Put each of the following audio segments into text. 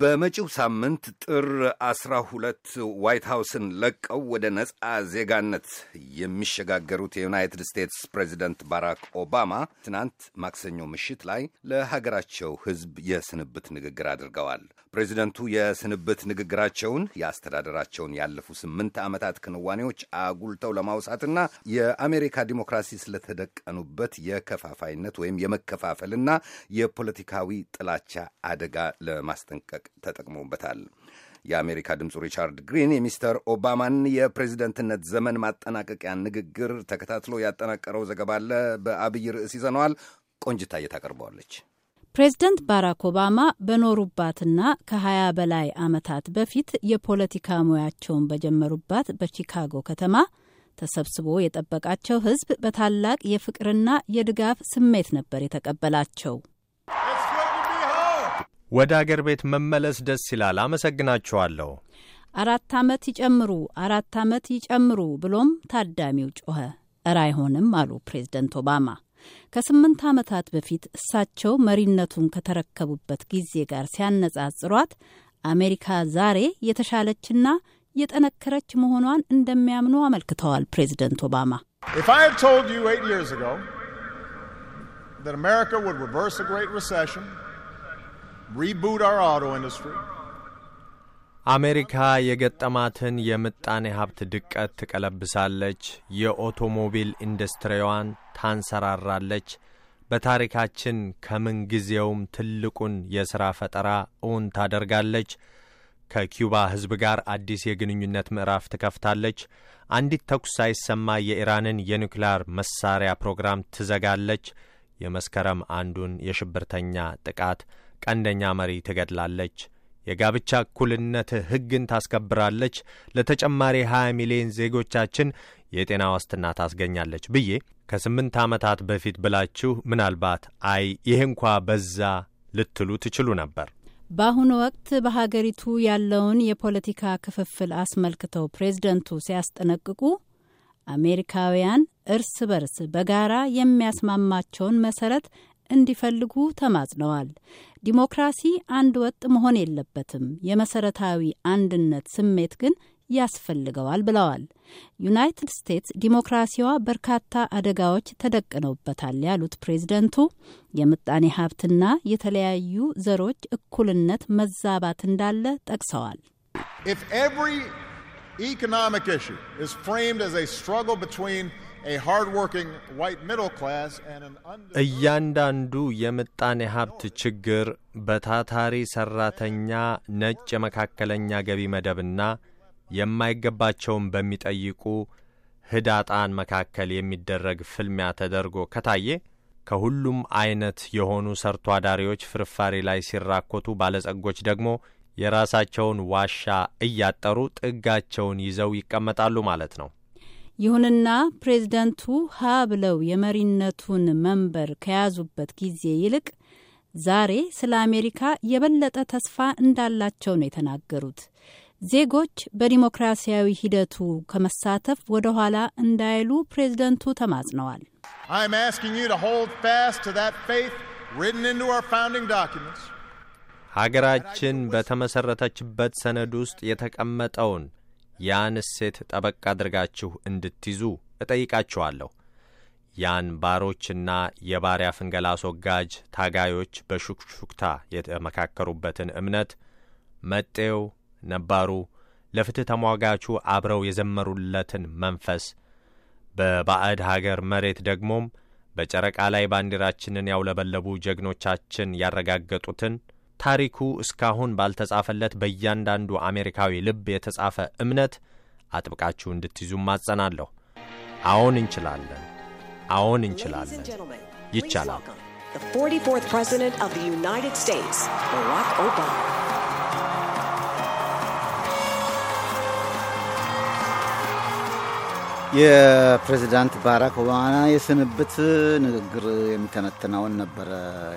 በመጪው ሳምንት ጥር 12 ዋይት ሃውስን ለቀው ወደ ነጻ ዜጋነት የሚሸጋገሩት የዩናይትድ ስቴትስ ፕሬዚደንት ባራክ ኦባማ ትናንት ማክሰኞ ምሽት ላይ ለሀገራቸው ሕዝብ የስንብት ንግግር አድርገዋል። ፕሬዚደንቱ የስንብት ንግግራቸውን የአስተዳደራቸውን ያለፉ ስምንት ዓመታት ክንዋኔዎች አጉልተው ለማውሳትና የአሜሪካ ዲሞክራሲ ስለተደቀኑበት የከፋፋይነት ወይም የመከፋፈልና የፖለቲካዊ ጥላቻ አደጋ ለማስጠንቀቅ ተጠቅሞበታል። የአሜሪካ ድምፁ ሪቻርድ ግሪን የሚስተር ኦባማን የፕሬዚደንትነት ዘመን ማጠናቀቂያ ንግግር ተከታትሎ ያጠናቀረው ዘገባ አለ። በአብይ ርዕስ ይዘነዋል። ቆንጅታዬ ታቀርበዋለች። ፕሬዚደንት ባራክ ኦባማ በኖሩባትና ከ20 በላይ ዓመታት በፊት የፖለቲካ ሙያቸውን በጀመሩባት በቺካጎ ከተማ ተሰብስቦ የጠበቃቸው ሕዝብ በታላቅ የፍቅርና የድጋፍ ስሜት ነበር የተቀበላቸው። ወደ አገር ቤት መመለስ ደስ ይላል። አመሰግናችኋለሁ። አራት ዓመት ይጨምሩ፣ አራት ዓመት ይጨምሩ ብሎም ታዳሚው ጮኸ። እረ አይሆንም አሉ ፕሬዝደንት ኦባማ። ከስምንት ዓመታት በፊት እሳቸው መሪነቱን ከተረከቡበት ጊዜ ጋር ሲያነጻጽሯት አሜሪካ ዛሬ የተሻለችና የጠነከረች መሆኗን እንደሚያምኑ አመልክተዋል ፕሬዝደንት ኦባማ። ኢፍ አሜሪካ የገጠማትን የምጣኔ ሀብት ድቀት ትቀለብሳለች፣ የኦቶሞቢል ኢንዱስትሪዋን ታንሰራራለች፣ በታሪካችን ከምንጊዜውም ትልቁን የሥራ ፈጠራ እውን ታደርጋለች፣ ከኪውባ ሕዝብ ጋር አዲስ የግንኙነት ምዕራፍ ትከፍታለች፣ አንዲት ተኩስ ሳይሰማ የኢራንን የኒውክሌር መሳሪያ ፕሮግራም ትዘጋለች፣ የመስከረም አንዱን የሽብርተኛ ጥቃት ቀንደኛ መሪ ትገድላለች። የጋብቻ እኩልነት ሕግን ታስከብራለች። ለተጨማሪ 20 ሚሊዮን ዜጎቻችን የጤና ዋስትና ታስገኛለች ብዬ ከስምንት ዓመታት በፊት ብላችሁ ምናልባት አይ ይህ እንኳ በዛ ልትሉ ትችሉ ነበር። በአሁኑ ወቅት በሀገሪቱ ያለውን የፖለቲካ ክፍፍል አስመልክተው ፕሬዝደንቱ ሲያስጠነቅቁ አሜሪካውያን እርስ በርስ በጋራ የሚያስማማቸውን መሰረት እንዲፈልጉ ተማጽነዋል። ዲሞክራሲ አንድ ወጥ መሆን የለበትም፣ የመሰረታዊ አንድነት ስሜት ግን ያስፈልገዋል ብለዋል። ዩናይትድ ስቴትስ ዲሞክራሲዋ በርካታ አደጋዎች ተደቅነውበታል ያሉት ፕሬዝደንቱ የምጣኔ ሀብትና የተለያዩ ዘሮች እኩልነት መዛባት እንዳለ ጠቅሰዋል። ኢፍ ኢኮኖሚክ ኢሹ ፍሬምድ አዝ ስትራግል ቢትዊን እያንዳንዱ የምጣኔ ሀብት ችግር በታታሪ ሠራተኛ ነጭ የመካከለኛ ገቢ መደብና የማይገባቸውን በሚጠይቁ ህዳጣን መካከል የሚደረግ ፍልሚያ ተደርጎ ከታየ ከሁሉም አይነት የሆኑ ሰርቶ አዳሪዎች ፍርፋሪ ላይ ሲራኮቱ፣ ባለጸጎች ደግሞ የራሳቸውን ዋሻ እያጠሩ ጥጋቸውን ይዘው ይቀመጣሉ ማለት ነው። ይሁንና ፕሬዝደንቱ ሀ ብለው የመሪነቱን መንበር ከያዙበት ጊዜ ይልቅ ዛሬ ስለ አሜሪካ የበለጠ ተስፋ እንዳላቸው ነው የተናገሩት። ዜጎች በዲሞክራሲያዊ ሂደቱ ከመሳተፍ ወደ ኋላ እንዳይሉ ፕሬዝደንቱ ተማጽነዋል። ሀገራችን በተመሰረተችበት ሰነድ ውስጥ የተቀመጠውን ያን እሴት ጠበቅ አድርጋችሁ እንድትይዙ እጠይቃችኋለሁ። ያን ባሮችና የባሪያ ፍንገላ አስወጋጅ ታጋዮች በሹክሹክታ የተመካከሩበትን እምነት መጤው፣ ነባሩ፣ ለፍትሕ ተሟጋቹ አብረው የዘመሩለትን መንፈስ በባዕድ ሀገር መሬት ደግሞም በጨረቃ ላይ ባንዲራችንን ያውለበለቡ ጀግኖቻችን ያረጋገጡትን ታሪኩ እስካሁን ባልተጻፈለት በእያንዳንዱ አሜሪካዊ ልብ የተጻፈ እምነት አጥብቃችሁ እንድትይዙ ማጸናለሁ። አዎን እንችላለን። አዎን እንችላለን። ይቻላል። The 44th President of the United States, Barack Obama. የፕሬዚዳንት ባራክ ኦባማ የስንብት ንግግር የሚተነትነውን ነበረ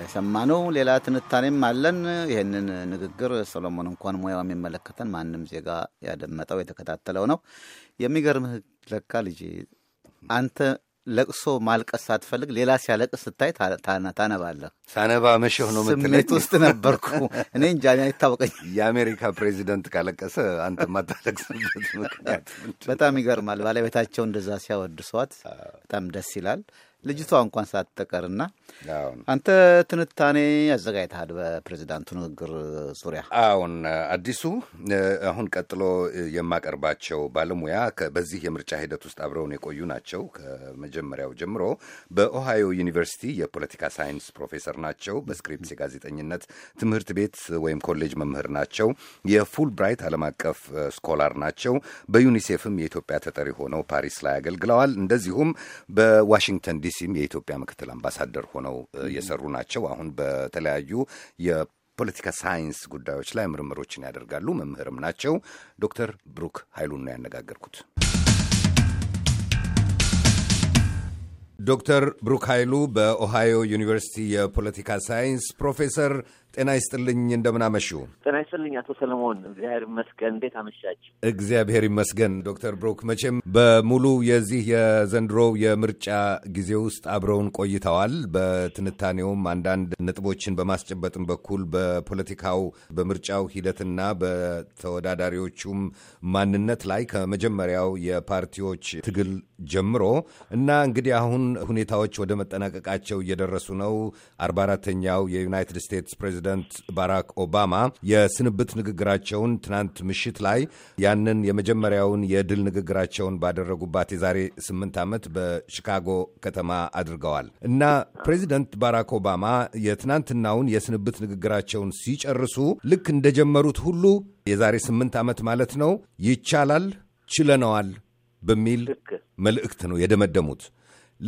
የሰማነው። ሌላ ትንታኔም አለን። ይህንን ንግግር ሰሎሞን እንኳን ሙያው የሚመለከተን ማንም ዜጋ ያደመጠው የተከታተለው ነው። የሚገርምህ ለካ ልጅ አንተ ለቅሶ ማልቀስ ሳትፈልግ ሌላ ሲያለቅስ ስታይ ታነባለህ። ሳነባ መሸህ ነው ስሜት ውስጥ ነበርኩ እኔ እንጃ አይታወቀኝ። የአሜሪካ ፕሬዚደንት ካለቀሰ አንተ ማታለቅስበት ምክንያት በጣም ይገርማል። ባለቤታቸው እንደዛ ሲያወድሰዋት በጣም ደስ ይላል። ልጅቷ እንኳን ሳትቀርና አንተ ትንታኔ አዘጋጅተሃል በፕሬዚዳንቱ ንግግር ዙሪያ። አሁን አዲሱ አሁን ቀጥሎ የማቀርባቸው ባለሙያ በዚህ የምርጫ ሂደት ውስጥ አብረውን የቆዩ ናቸው። ከመጀመሪያው ጀምሮ በኦሃዮ ዩኒቨርሲቲ የፖለቲካ ሳይንስ ፕሮፌሰር ናቸው። በስክሪፕስ የጋዜጠኝነት ትምህርት ቤት ወይም ኮሌጅ መምህር ናቸው። የፉል ብራይት ዓለም አቀፍ ስኮላር ናቸው። በዩኒሴፍም የኢትዮጵያ ተጠሪ ሆነው ፓሪስ ላይ አገልግለዋል። እንደዚሁም በዋሽንግተን ዲ ዲሲም የኢትዮጵያ ምክትል አምባሳደር ሆነው የሰሩ ናቸው። አሁን በተለያዩ የፖለቲካ ሳይንስ ጉዳዮች ላይ ምርምሮችን ያደርጋሉ። መምህርም ናቸው። ዶክተር ብሩክ ኃይሉን ነው ያነጋገርኩት። ዶክተር ብሩክ ኃይሉ በኦሃዮ ዩኒቨርሲቲ የፖለቲካ ሳይንስ ፕሮፌሰር ጤና ይስጥልኝ አመሹ? ጤና ይስጥልኝ አቶ ሰለሞን። እግዚአብሔር ይመስገን። እንዴት አመሻች? እግዚአብሔር ይመስገን። ዶክተር ብሮክ መቼም በሙሉ የዚህ የዘንድሮ የምርጫ ጊዜ ውስጥ አብረውን ቆይተዋል። በትንታኔውም አንዳንድ ነጥቦችን በማስጨበጥም በኩል በፖለቲካው በምርጫው ሂደትና በተወዳዳሪዎቹም ማንነት ላይ ከመጀመሪያው የፓርቲዎች ትግል ጀምሮ እና እንግዲህ አሁን ሁኔታዎች ወደ መጠናቀቃቸው እየደረሱ ነው። አርባ አራተኛው የዩናይትድ ስቴትስ ፕሬዚደንት ፕሬዚደንት ባራክ ኦባማ የስንብት ንግግራቸውን ትናንት ምሽት ላይ ያንን የመጀመሪያውን የድል ንግግራቸውን ባደረጉባት የዛሬ ስምንት ዓመት በሺካጎ ከተማ አድርገዋል እና ፕሬዚደንት ባራክ ኦባማ የትናንትናውን የስንብት ንግግራቸውን ሲጨርሱ ልክ እንደጀመሩት ሁሉ የዛሬ ስምንት ዓመት ማለት ነው ይቻላል፣ ችለነዋል በሚል መልእክት ነው የደመደሙት።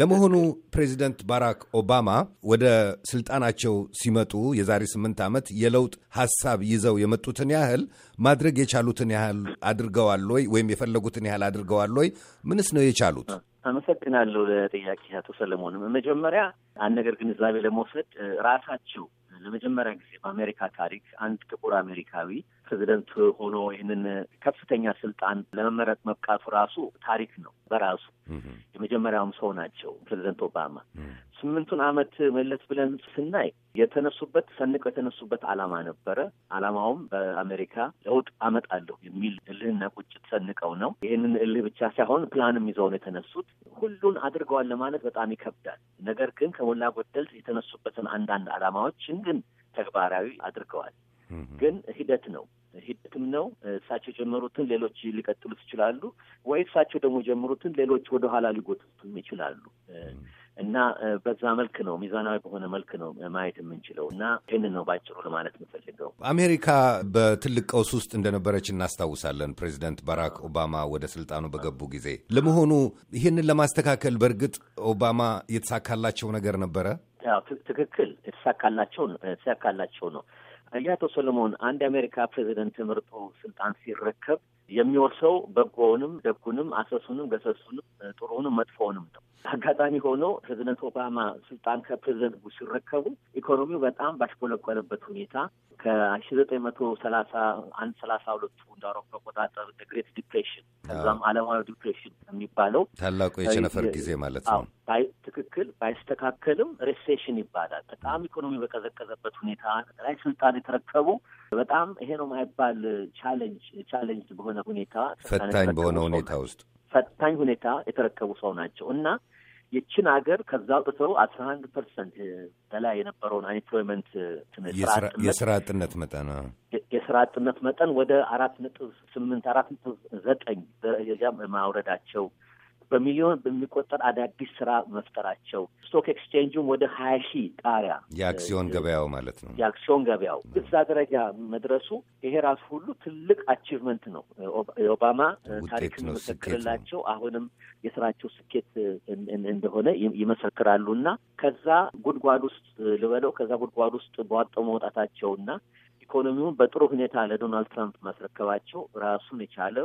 ለመሆኑ ፕሬዚደንት ባራክ ኦባማ ወደ ስልጣናቸው ሲመጡ የዛሬ ስምንት ዓመት የለውጥ ሀሳብ ይዘው የመጡትን ያህል ማድረግ የቻሉትን ያህል አድርገዋል ወይ? ወይም የፈለጉትን ያህል አድርገዋል ወይ? ምንስ ነው የቻሉት? አመሰግናለሁ ለጥያቄ አቶ ሰለሞን መጀመሪያ አንድ ነገር ግንዛቤ ለመውሰድ ራሳቸው ለመጀመሪያ ጊዜ በአሜሪካ ታሪክ አንድ ጥቁር አሜሪካዊ ፕሬዚደንት ሆኖ ይህንን ከፍተኛ ስልጣን ለመመረጥ መብቃቱ ራሱ ታሪክ ነው በራሱ። የመጀመሪያውም ሰው ናቸው ፕሬዚደንት ኦባማ። ስምንቱን ዓመት መለስ ብለን ስናይ የተነሱበት ሰንቀው የተነሱበት አላማ ነበረ። አላማውም በአሜሪካ ለውጥ አመጣለሁ የሚል እልህና ቁጭት ሰንቀው ነው። ይህንን እልህ ብቻ ሳይሆን ፕላንም ይዘው ነው የተነሱት። ሁሉን አድርገዋል ለማለት በጣም ይከብዳል። ነገር ግን ከሞላ ጎደል የተነሱበትን አንዳንድ አላማዎችን ግን ተግባራዊ አድርገዋል። ግን ሂደት ነው ሂደትም ነው። እሳቸው የጀመሩትን ሌሎች ሊቀጥሉት ይችላሉ ወይ እሳቸው ደግሞ የጀመሩትን ሌሎች ወደኋላ ሊጎትቱም ይችላሉ እና በዛ መልክ ነው ሚዛናዊ በሆነ መልክ ነው ማየት የምንችለው እና ይህን ነው ባጭሩ ለማለት የምፈልገው። አሜሪካ በትልቅ ቀውስ ውስጥ እንደነበረች እናስታውሳለን። ፕሬዚደንት ባራክ ኦባማ ወደ ስልጣኑ በገቡ ጊዜ ለመሆኑ ይህንን ለማስተካከል በእርግጥ ኦባማ የተሳካላቸው ነገር ነበረ? ትክክል የተሳካላቸው ነው እንግዲህ አቶ ሰለሞን አንድ የአሜሪካ ፕሬዚደንት ተመርጦ ስልጣን ሲረከብ የሚወርሰው በጎውንም ደጉንም አሰሱንም ገሰሱንም ጥሩውንም መጥፎውንም ነው። አጋጣሚ ሆኖ ፕሬዚደንት ኦባማ ስልጣን ከፕሬዚደንት ቡሽ ሲረከቡ ኢኮኖሚው በጣም ባሽቆለቆለበት ሁኔታ ከሺ ዘጠኝ መቶ ሰላሳ አንድ ሰላሳ ሁለቱ እንደ አውሮፓ አቆጣጠር ግሬት ዲፕሬሽን ከዛም አለማዊ ዲፕሬሽን የሚባለው ታላቁ የቸነፈር ጊዜ ማለት ነው። ትክክል ባይስተካከልም ሬሴሽን ይባላል። በጣም ኢኮኖሚ በቀዘቀዘበት ሁኔታ ላይ ስልጣን የተረከቡ በጣም ይሄ ነው የማይባል ቻለንጅ ቻለንጅ በሆነ ሁኔታ ፈታኝ በሆነ ሁኔታ ውስጥ ፈታኝ ሁኔታ የተረከቡ ሰው ናቸው እና የችን ሀገር ከዛ አውጥተው አስራ አንድ ፐርሰንት በላይ የነበረውን አንኤምፕሎይመንት የስራ አጥነት መጠን የስራ አጥነት መጠን ወደ አራት ነጥብ ስምንት አራት ነጥብ ዘጠኝ ማውረዳቸው በሚሊዮን በሚቆጠር አዳዲስ ስራ መፍጠራቸው ስቶክ ኤክስቼንጁም ወደ ሀያ ሺህ ጣሪያ የአክሲዮን ገበያው ማለት ነው የአክሲዮን ገበያው እዛ ደረጃ መድረሱ ይሄ ራሱ ሁሉ ትልቅ አቺቭመንት ነው። የኦባማ ታሪክ መሰክርላቸው አሁንም የስራቸው ስኬት እንደሆነ ይመሰክራሉ እና ከዛ ጉድጓድ ውስጥ ልበለው ከዛ ጉድጓድ ውስጥ በዋጠው መውጣታቸውና ኢኮኖሚውን በጥሩ ሁኔታ ለዶናልድ ትራምፕ ማስረከባቸው ራሱን የቻለ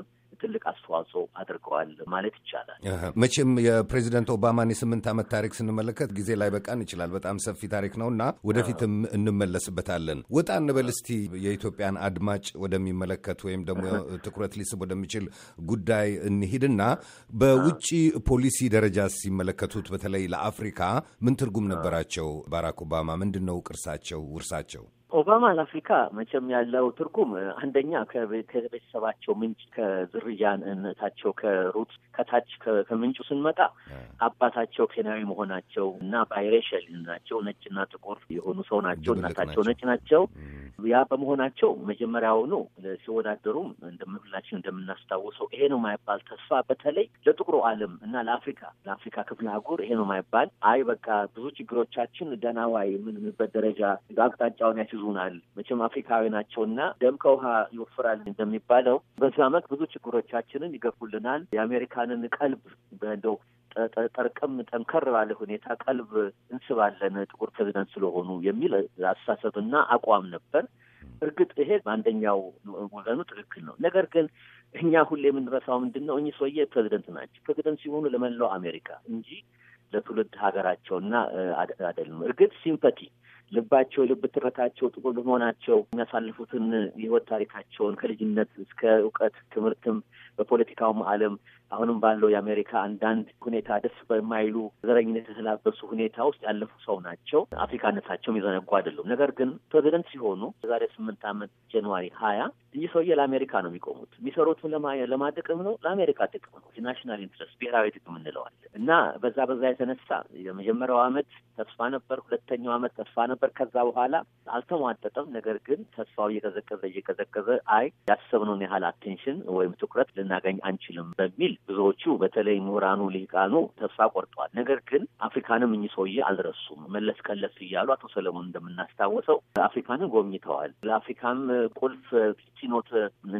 ትልቅ አስተዋጽኦ አድርገዋል ማለት ይቻላል። መቼም የፕሬዚደንት ኦባማን የስምንት ዓመት ታሪክ ስንመለከት ጊዜ ላይ በቃን ይችላል። በጣም ሰፊ ታሪክ ነው እና ወደፊትም እንመለስበታለን። ወጣ እንበል እስቲ የኢትዮጵያን አድማጭ ወደሚመለከት ወይም ደግሞ ትኩረት ሊስብ ወደሚችል ጉዳይ እንሂድና በውጭ ፖሊሲ ደረጃ ሲመለከቱት በተለይ ለአፍሪካ ምን ትርጉም ነበራቸው? ባራክ ኦባማ ምንድን ነው ቅርሳቸው ውርሳቸው? ኦባማ ለአፍሪካ መቼም ያለው ትርጉም አንደኛ ከቤተሰባቸው ምንጭ ከዝርያነታቸው ከሩት ከታች ከምንጩ ስንመጣ አባታቸው ኬንያዊ መሆናቸው እና ባይሬሸል ናቸው፣ ነጭና ጥቁር የሆኑ ሰው ናቸው። እናታቸው ነጭ ናቸው። ያ በመሆናቸው መጀመሪያውኑ ሲወዳደሩም እንደምላችን እንደምናስታውሰው ይሄ ነው የማይባል ተስፋ በተለይ ለጥቁሩ ዓለም እና ለአፍሪካ ለአፍሪካ ክፍለ አህጉር ይሄ ነው የማይባል አይ በቃ ብዙ ችግሮቻችን ደናዋይ የምንልበት ደረጃ አቅጣጫውን ያስይዙናል። መቼም አፍሪካዊ ናቸው እና ደም ከውሃ ይወፍራል እንደሚባለው በዛ መልክ ብዙ ችግሮቻችንን ይገፉልናል። የአሜሪካንን ቀልብ በእንደው ጠርቅም ጠንከር ባለ ሁኔታ ቀልብ እንስባለን ጥቁር ፕሬዚደንት ስለሆኑ የሚል አስተሳሰብና አቋም ነበር። እርግጥ ይሄ በአንደኛው ወገኑ ትክክል ነው። ነገር ግን እኛ ሁሌ የምንረሳው ምንድን ነው? እኚህ ሰውዬ ፕሬዚደንት ናቸው። ፕሬዚደንት ሲሆኑ ለመላው አሜሪካ እንጂ ለትውልድ ሀገራቸውና አይደለም። እርግጥ ሲምፐቲ ልባቸው ልብ ትረታቸው ጥቁር በመሆናቸው የሚያሳልፉትን የህይወት ታሪካቸውን ከልጅነት እስከ እውቀት ትምህርትም በፖለቲካውም ዓለም አሁንም ባለው የአሜሪካ አንዳንድ ሁኔታ ደስ በማይሉ ዘረኝነት የተላበሱ ሁኔታ ውስጥ ያለፉ ሰው ናቸው። አፍሪካነታቸውም የዘነጉ አይደሉም። ነገር ግን ፕሬዚደንት ሲሆኑ የዛሬ ስምንት ዓመት ጃንዋሪ ሀያ ይህ ሰውዬ ለአሜሪካ ነው የሚቆሙት። የሚሰሩት ለማጥቅም ነው፣ ለአሜሪካ ጥቅም ነው። የናሽናል ኢንትረስት ብሔራዊ ጥቅም እንለዋለን እና በዛ በዛ የተነሳ የመጀመሪያው ዓመት ተስፋ ነበር፣ ሁለተኛው ዓመት ተስፋ ነበር። ከዛ በኋላ አልተሟጠጠም። ነገር ግን ተስፋው እየቀዘቀዘ እየቀዘቀዘ አይ ያሰብነውን ያህል አቴንሽን ወይም ትኩረት ልናገኝ አንችልም በሚል ብዙዎቹ በተለይ ምሁራኑ ሊቃኑ ተስፋ ቆርጠዋል። ነገር ግን አፍሪካንም እኚህ ሰውዬ አልረሱም። መለስ ከለስ እያሉ አቶ ሰለሞን እንደምናስታውሰው አፍሪካንን ጎብኝተዋል። ለአፍሪካም ቁልፍ ኪኖት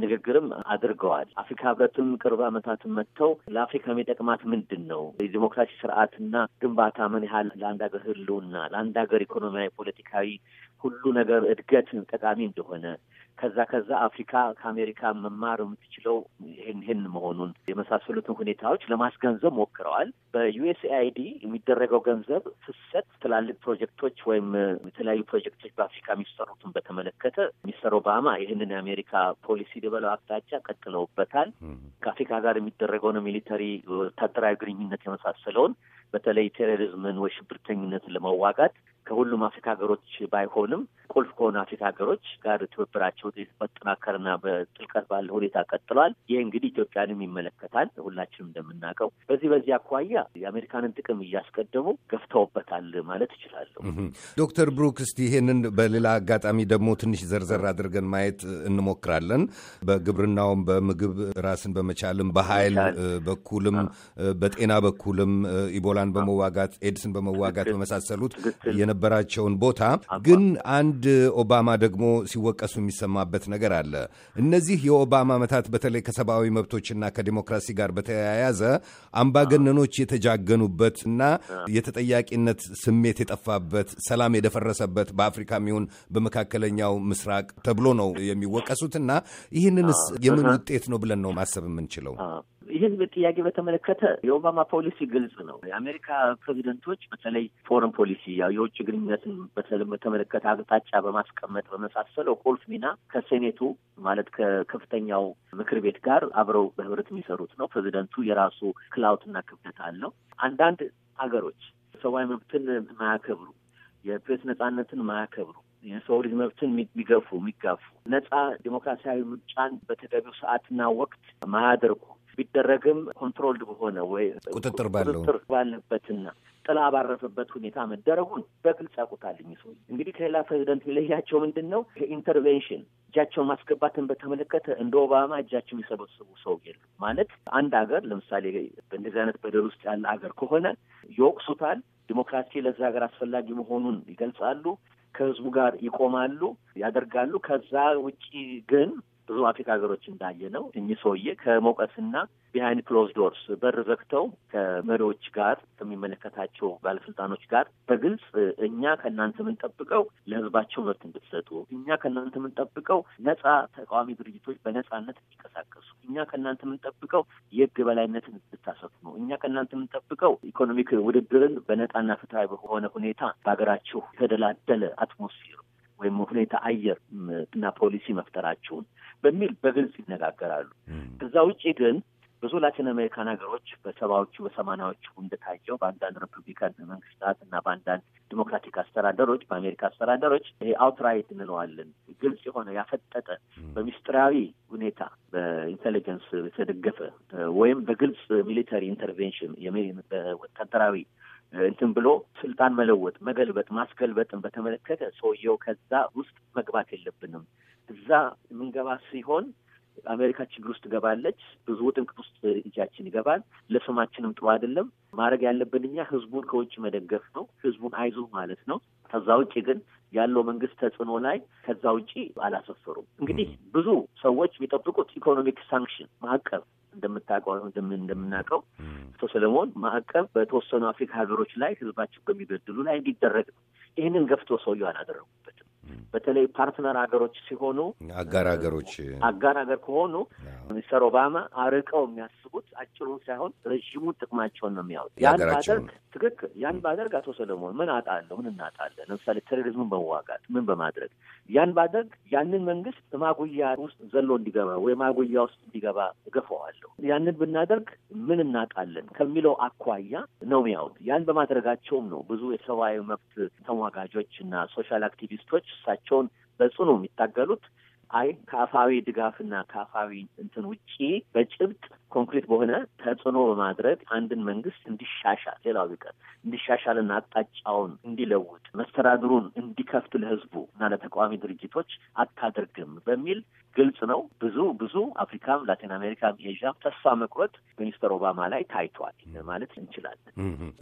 ንግግርም አድርገዋል። አፍሪካ ህብረትም ቅርብ ዓመታት መጥተው ለአፍሪካ የጠቅማት ምንድን ነው የዲሞክራሲ ስርዓትና ግንባታ ምን ያህል ለአንድ ሀገር ህልውና፣ ለአንድ ሀገር ኢኮኖሚያዊ፣ ፖለቲካዊ ሁሉ ነገር እድገት ጠቃሚ እንደሆነ ከዛ ከዛ አፍሪካ ከአሜሪካ መማር የምትችለው ይህን ይህን መሆኑን የመሳሰሉትን ሁኔታዎች ለማስገንዘብ ሞክረዋል። በዩኤስኤአይዲ የሚደረገው ገንዘብ ፍሰት ትላልቅ ፕሮጀክቶች ወይም የተለያዩ ፕሮጀክቶች በአፍሪካ የሚሰሩትን በተመለከተ ሚስተር ኦባማ ይህንን የአሜሪካ ፖሊሲ ሊበለው አቅጣጫ ቀጥለውበታል። ከአፍሪካ ጋር የሚደረገውን ሚሊተሪ ወታደራዊ ግንኙነት የመሳሰለውን በተለይ ቴሮሪዝምን ወይ ሽብርተኝነትን ለመዋጋት ከሁሉም አፍሪካ ሀገሮች ባይሆንም ቁልፍ ከሆኑ አፍሪካ ሀገሮች ጋር ትብብራቸው መጠናከርና በጥልቀት ባለ ሁኔታ ቀጥሏል። ይህ እንግዲህ ኢትዮጵያንም ይመለከታል። ሁላችንም እንደምናውቀው በዚህ በዚህ አኳያ የአሜሪካንን ጥቅም እያስቀደሙ ገፍተውበታል ማለት እችላለሁ። ዶክተር ብሩክ እስቲ ይሄንን በሌላ አጋጣሚ ደግሞ ትንሽ ዘርዘር አድርገን ማየት እንሞክራለን። በግብርናውም፣ በምግብ ራስን በመቻልም፣ በኃይል በኩልም፣ በጤና በኩልም ኢቦላን በመዋጋት ኤድስን በመዋጋት በመሳሰሉት የነበራቸውን ቦታ ግን አንድ ኦባማ ደግሞ ሲወቀሱ የሚሰማበት ነገር አለ። እነዚህ የኦባማ ዓመታት በተለይ ከሰብአዊ መብቶችና ከዲሞክራሲ ጋር በተያያዘ አምባገነኖች የተጃገኑበት እና የተጠያቂነት ስሜት የጠፋበት፣ ሰላም የደፈረሰበት በአፍሪካ ይሁን በመካከለኛው ምስራቅ ተብሎ ነው የሚወቀሱትና ይህንንስ የምን ውጤት ነው ብለን ነው ማሰብ የምንችለው? የህዝብ ጥያቄ በተመለከተ የኦባማ ፖሊሲ ግልጽ ነው። የአሜሪካ ፕሬዚደንቶች በተለይ ፎረን ፖሊሲ የውጭ ግንኙነትን በተመለከተ አቅጣጫ በማስቀመጥ በመሳሰለው ቁልፍ ሚና ከሴኔቱ ማለት ከከፍተኛው ምክር ቤት ጋር አብረው በህብረት የሚሰሩት ነው። ፕሬዚደንቱ የራሱ ክላውትና ክብደት አለው። አንዳንድ ሀገሮች ሰብአዊ መብትን ማያከብሩ፣ የፕሬስ ነጻነትን ማያከብሩ የሰው ልጅ መብትን የሚገፉ የሚጋፉ ነጻ ዲሞክራሲያዊ ምርጫን በተገቢው ሰዓትና ወቅት ማያደርጉ ቢደረግም ኮንትሮልድ በሆነ ወይ ቁጥጥር ባለው ባለበትና ጥላ ባረፈበት ሁኔታ መደረጉን በግልጽ ያውቁታል። እኚህ ሰው እንግዲህ ከሌላ ፕሬዚደንት የሚለያቸው ምንድን ነው? ኢንተርቬንሽን እጃቸውን ማስገባትን በተመለከተ እንደ ኦባማ እጃቸው የሚሰበስቡ ሰው የሉ ማለት አንድ ሀገር ለምሳሌ በእንደዚህ አይነት በደል ውስጥ ያለ ሀገር ከሆነ ይወቅሱታል። ዲሞክራሲ ለዚ ሀገር አስፈላጊ መሆኑን ይገልጻሉ። ከህዝቡ ጋር ይቆማሉ፣ ያደርጋሉ። ከዛ ውጪ ግን ብዙ አፍሪካ ሀገሮች እንዳየ ነው እኚህ ሰውዬ ከሞቀስና ቢሃይንድ ክሎዝ ዶርስ በር ዘግተው ከመሪዎች ጋር ከሚመለከታቸው ባለስልጣኖች ጋር በግልጽ እኛ ከእናንተ የምንጠብቀው ለህዝባቸው መብት እንድትሰጡ፣ እኛ ከእናንተ የምንጠብቀው ነጻ ተቃዋሚ ድርጅቶች በነጻነት እንዲንቀሳቀሱ፣ እኛ ከእናንተ የምንጠብቀው የህግ የበላይነትን ነው። እኛ ከእናንተ የምንጠብቀው ኢኮኖሚክ ውድድርን በነጻና ፍትሀዊ በሆነ ሁኔታ በሀገራችሁ የተደላደለ አትሞስፌር ወይም ሁኔታ አየር እና ፖሊሲ መፍጠራችሁን በሚል በግልጽ ይነጋገራሉ። ከዛ ውጭ ግን ብዙ ላቲን አሜሪካን ሀገሮች በሰባዎቹ በሰማናዎቹ እንደታየው በአንዳንድ ሪፑብሊካን መንግስታት እና በአንዳንድ ዲሞክራቲክ አስተዳደሮች በአሜሪካ አስተዳደሮች ይሄ አውትራይት እንለዋለን ግልጽ የሆነ ያፈጠጠ በሚስጥራዊ ሁኔታ በኢንቴሊጀንስ የተደገፈ ወይም በግልጽ ሚሊተሪ ኢንተርቬንሽን ወታደራዊ እንትን ብሎ ስልጣን መለወጥ፣ መገልበጥ፣ ማስገልበጥን በተመለከተ ሰውየው ከዛ ውስጥ መግባት የለብንም። እዛ የምንገባ ሲሆን አሜሪካ ችግር ውስጥ ትገባለች። ብዙ ጥንቅት ውስጥ እጃችን ይገባል። ለስማችንም ጥሩ አይደለም። ማድረግ ያለብን እኛ ህዝቡን ከውጭ መደገፍ ነው፣ ህዝቡን አይዞ ማለት ነው። ከዛ ውጭ ግን ያለው መንግስት ተጽዕኖ ላይ ከዛ ውጭ አላሰፈሩም። እንግዲህ ብዙ ሰዎች የሚጠብቁት ኢኮኖሚክ ሳንክሽን ማዕቀብ እንደምታውቀው እንደምናውቀው አቶ ሰለሞን ማዕቀብ በተወሰኑ አፍሪካ ሀገሮች ላይ ህዝባቸው በሚበድሉ ላይ እንዲደረግ ነው። ይህንን ገፍቶ ሰውየው አላደረጉበትም። በተለይ ፓርትነር ሀገሮች ሲሆኑ አጋር ሀገሮች አጋር ሀገር ከሆኑ ሚስተር ኦባማ አርቀው የሚያስቡ የሚያስቡት አጭሩን ሳይሆን ረዥሙን ጥቅማቸውን ነው የሚያውት። ያን ባደርግ ትክክል፣ ያን ባደርግ አቶ ሰለሞን ምን አጣለሁ? ምን እናጣለን? ለምሳሌ ቴሮሪዝምን በመዋጋት ምን በማድረግ ያን ባደርግ ያንን መንግስት ማጉያ ውስጥ ዘሎ እንዲገባ ወይ ማጉያ ውስጥ እንዲገባ እገፋዋለሁ። ያንን ብናደርግ ምን እናጣለን ከሚለው አኳያ ነው የሚያዩት። ያን በማድረጋቸውም ነው ብዙ የሰብአዊ መብት ተሟጋጆች እና ሶሻል አክቲቪስቶች እሳቸውን በጽኑ የሚታገሉት። አይ ከአፋዊ ድጋፍና ከአፋዊ እንትን ውጪ በጭብጥ ኮንክሪት በሆነ ተጽዕኖ በማድረግ አንድን መንግስት እንዲሻሻል ሌላው ቢቀር እንዲሻሻልና አቅጣጫውን እንዲለውጥ መስተዳድሩን እንዲከፍት ለህዝቡ እና ለተቃዋሚ ድርጅቶች አታደርግም በሚል ግልጽ ነው። ብዙ ብዙ አፍሪካም፣ ላቲን አሜሪካም፣ ኤዥያም ተስፋ መቁረጥ ሚኒስተር ኦባማ ላይ ታይቷል ማለት እንችላለን።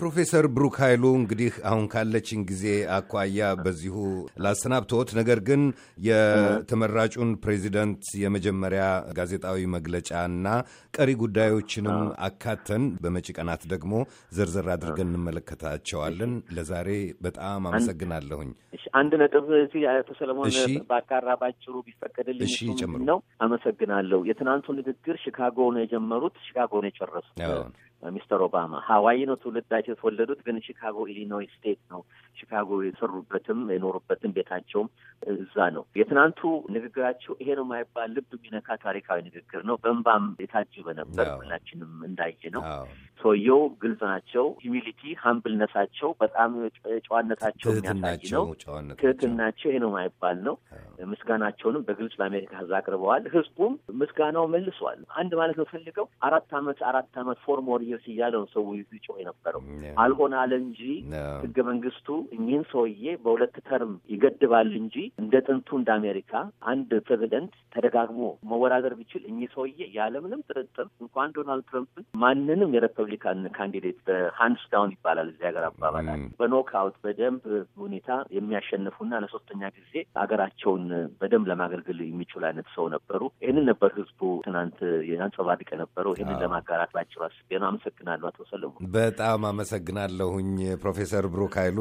ፕሮፌሰር ብሩክ ኃይሉ እንግዲህ አሁን ካለችን ጊዜ አኳያ በዚሁ ላሰናብተዎት። ነገር ግን የተመራጩን ፕሬዚደንት የመጀመሪያ ጋዜጣዊ መግለጫና ቀሪ ጉዳዮችንም አካተን በመጪ ቀናት ደግሞ ዘርዘር አድርገን እንመለከታቸዋለን። ለዛሬ በጣም አመሰግናለሁኝ። አንድ ነጥብ እዚህ አቶ ሰለሞን ባካራ ባጭሩ ቢፈቀድልኝ ጨምሩ ነው። አመሰግናለሁ። የትናንቱ ንግግር ሺካጎ ነው የጀመሩት፣ ሺካጎ ነው የጨረሱት። ሚስተር ኦባማ ሀዋይ ነው ትውልዳቸው የተወለዱት፣ ግን ሺካጎ ኢሊኖይ ስቴት ነው ሺካጎ የሰሩበትም የኖሩበትም ቤታቸውም እዛ ነው። የትናንቱ ንግግራቸው ይሄ ነው የማይባል ልብ የሚነካ ታሪካዊ ንግግር ነው። በእንባም የታጀበ ነበር። ሁላችንም እንዳየ ነው። ሰውየው ግልጽ ናቸው። ሂሚሊቲ ሀምብልነሳቸው በጣም ጨዋነታቸው የሚያሳይ ነው። ትህትናቸው ይሄ ነው የማይባል ነው። ምስጋናቸውንም በግልጽ ለአሜሪካ ሕዝብ አቅርበዋል። ሕዝቡም ምስጋናው መልሷል። አንድ ማለት ነው ፈልገው አራት አመት አራት አመት ፎርሞሪ ሰውዬው ሲያለው ሰውዬው ሲጮህ የነበረው አልሆነ አለ እንጂ ህገ መንግስቱ እኚህን ሰውዬ በሁለት ተርም ይገድባል እንጂ እንደ ጥንቱ እንደ አሜሪካ አንድ ፕሬዚደንት ተደጋግሞ መወዳደር ቢችል እኚህ ሰውዬ ያለምንም ጥርጥር እንኳን ዶናልድ ትረምፕን ማንንም የሪፐብሊካን ካንዲዴት በሃንድስ ዳውን ይባላል እዚህ ሀገር አባባላል በኖክአውት በደንብ ሁኔታ የሚያሸንፉና ለሶስተኛ ጊዜ ሀገራቸውን በደንብ ለማገልገል የሚችሉ አይነት ሰው ነበሩ። ይህንን ነበር ህዝቡ ትናንት አንጸባርቅ የነበረው። ይህንን ለማጋራት ባጭሩ አስቤ ነው። አመሰግናለሁ አቶ ሰለሞን። በጣም አመሰግናለሁኝ ፕሮፌሰር ብሩክ ኃይሉ።